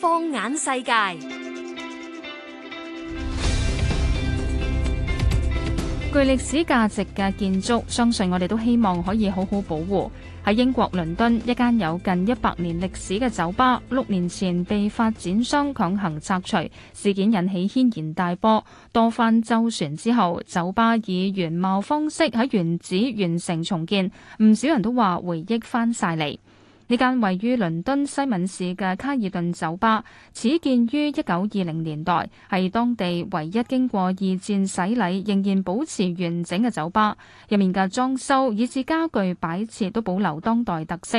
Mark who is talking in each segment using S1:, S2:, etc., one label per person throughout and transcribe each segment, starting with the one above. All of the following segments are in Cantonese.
S1: 放眼世界，具歷史價值嘅建築，相信我哋都希望可以好好保護。喺英國倫敦一間有近一百年歷史嘅酒吧，六年前被發展商強行拆除，事件引起軒然大波。多番周旋之後，酒吧以原貌方式喺原址完成重建，唔少人都話回憶翻晒嚟。呢間位於倫敦西敏市嘅卡爾頓酒吧，始建於一九二零年代，係當地唯一經過二戰洗禮仍然保持完整嘅酒吧。入面嘅裝修以至家具擺設都保留當代特色。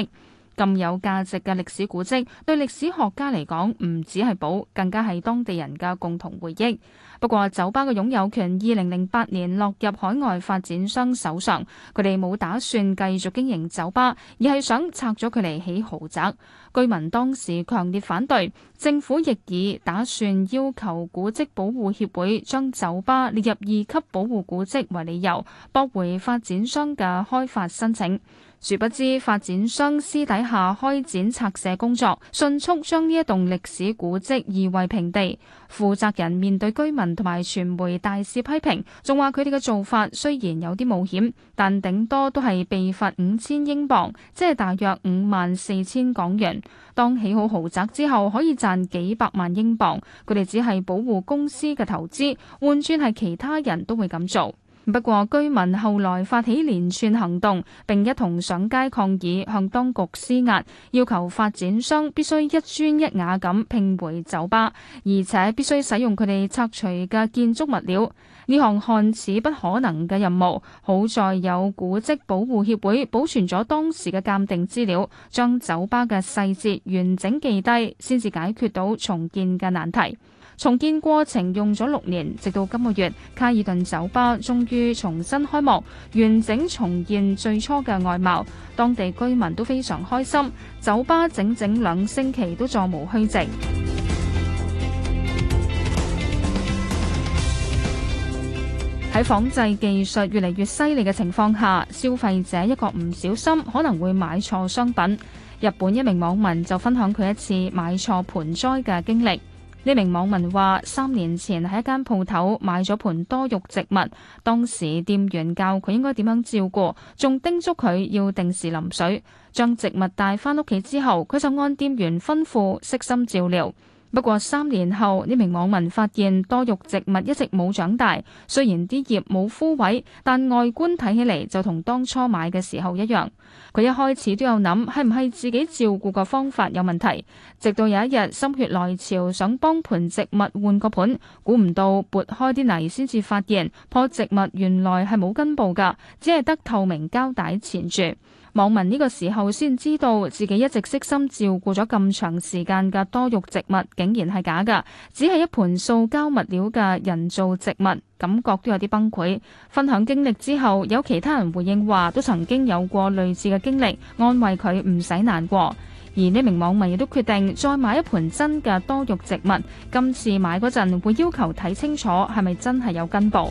S1: 咁有價值嘅歷史古蹟，對歷史學家嚟講，唔止係寶，更加係當地人嘅共同回憶。不過酒吧嘅擁有權，二零零八年落入海外發展商手上，佢哋冇打算繼續經營酒吧，而係想拆咗佢嚟起豪宅。居民當時強烈反對，政府亦以打算要求古蹟保護協會將酒吧列入二級保護古蹟為理由，駁回發展商嘅開發申請。殊不知，發展商私底下開展拆卸工作，迅速將呢一棟歷史古蹟夷為平地。負責人面對居民同埋傳媒大肆批評，仲話佢哋嘅做法雖然有啲冒險，但頂多都係被罰五千英鎊，即係大約五萬四千港元。當起好豪宅之後，可以賺幾百萬英鎊，佢哋只係保護公司嘅投資，換轉係其他人都會咁做。不過，居民後來發起連串行動，並一同上街抗議，向當局施壓，要求發展商必須一磚一瓦咁拼回酒吧，而且必須使用佢哋拆除嘅建築物料。呢項看似不可能嘅任務，好在有古蹟保護協會保存咗當時嘅鑑定資料，將酒吧嘅細節完整記低，先至解決到重建嘅難題。重建過程用咗六年，直到今個月，卡爾頓酒吧終於重新開幕，完整重現最初嘅外貌。當地居民都非常開心，酒吧整整兩星期都座無虛席。喺仿製技術越嚟越犀利嘅情況下，消費者一個唔小心可能會買錯商品。日本一名網民就分享佢一次買錯盆栽嘅經歷。呢名網民話：三年前喺一間鋪頭買咗盆多肉植物，當時店員教佢應該點樣照顧，仲叮囑佢要定時淋水。將植物帶返屋企之後，佢就按店員吩咐悉心照料。不過三年後，呢名網民發現多肉植物一直冇長大，雖然啲葉冇枯萎，但外觀睇起嚟就同當初買嘅時候一樣。佢一開始都有諗係唔係自己照顧嘅方法有問題，直到有一日心血來潮想幫盆植物換個盆，估唔到撥開啲泥先至發現，棵植物原來係冇根部㗎，只係得透明膠帶纏住。網民呢個時候先知道自己一直悉心照顧咗咁長時間嘅多肉植物，竟然係假噶，只係一盆塑膠物料嘅人造植物，感覺都有啲崩潰。分享經歷之後，有其他人回應話都曾經有過類似嘅經歷，安慰佢唔使難過。而呢名網民亦都決定再買一盆真嘅多肉植物，今次買嗰陣會要求睇清楚係咪真係有根部。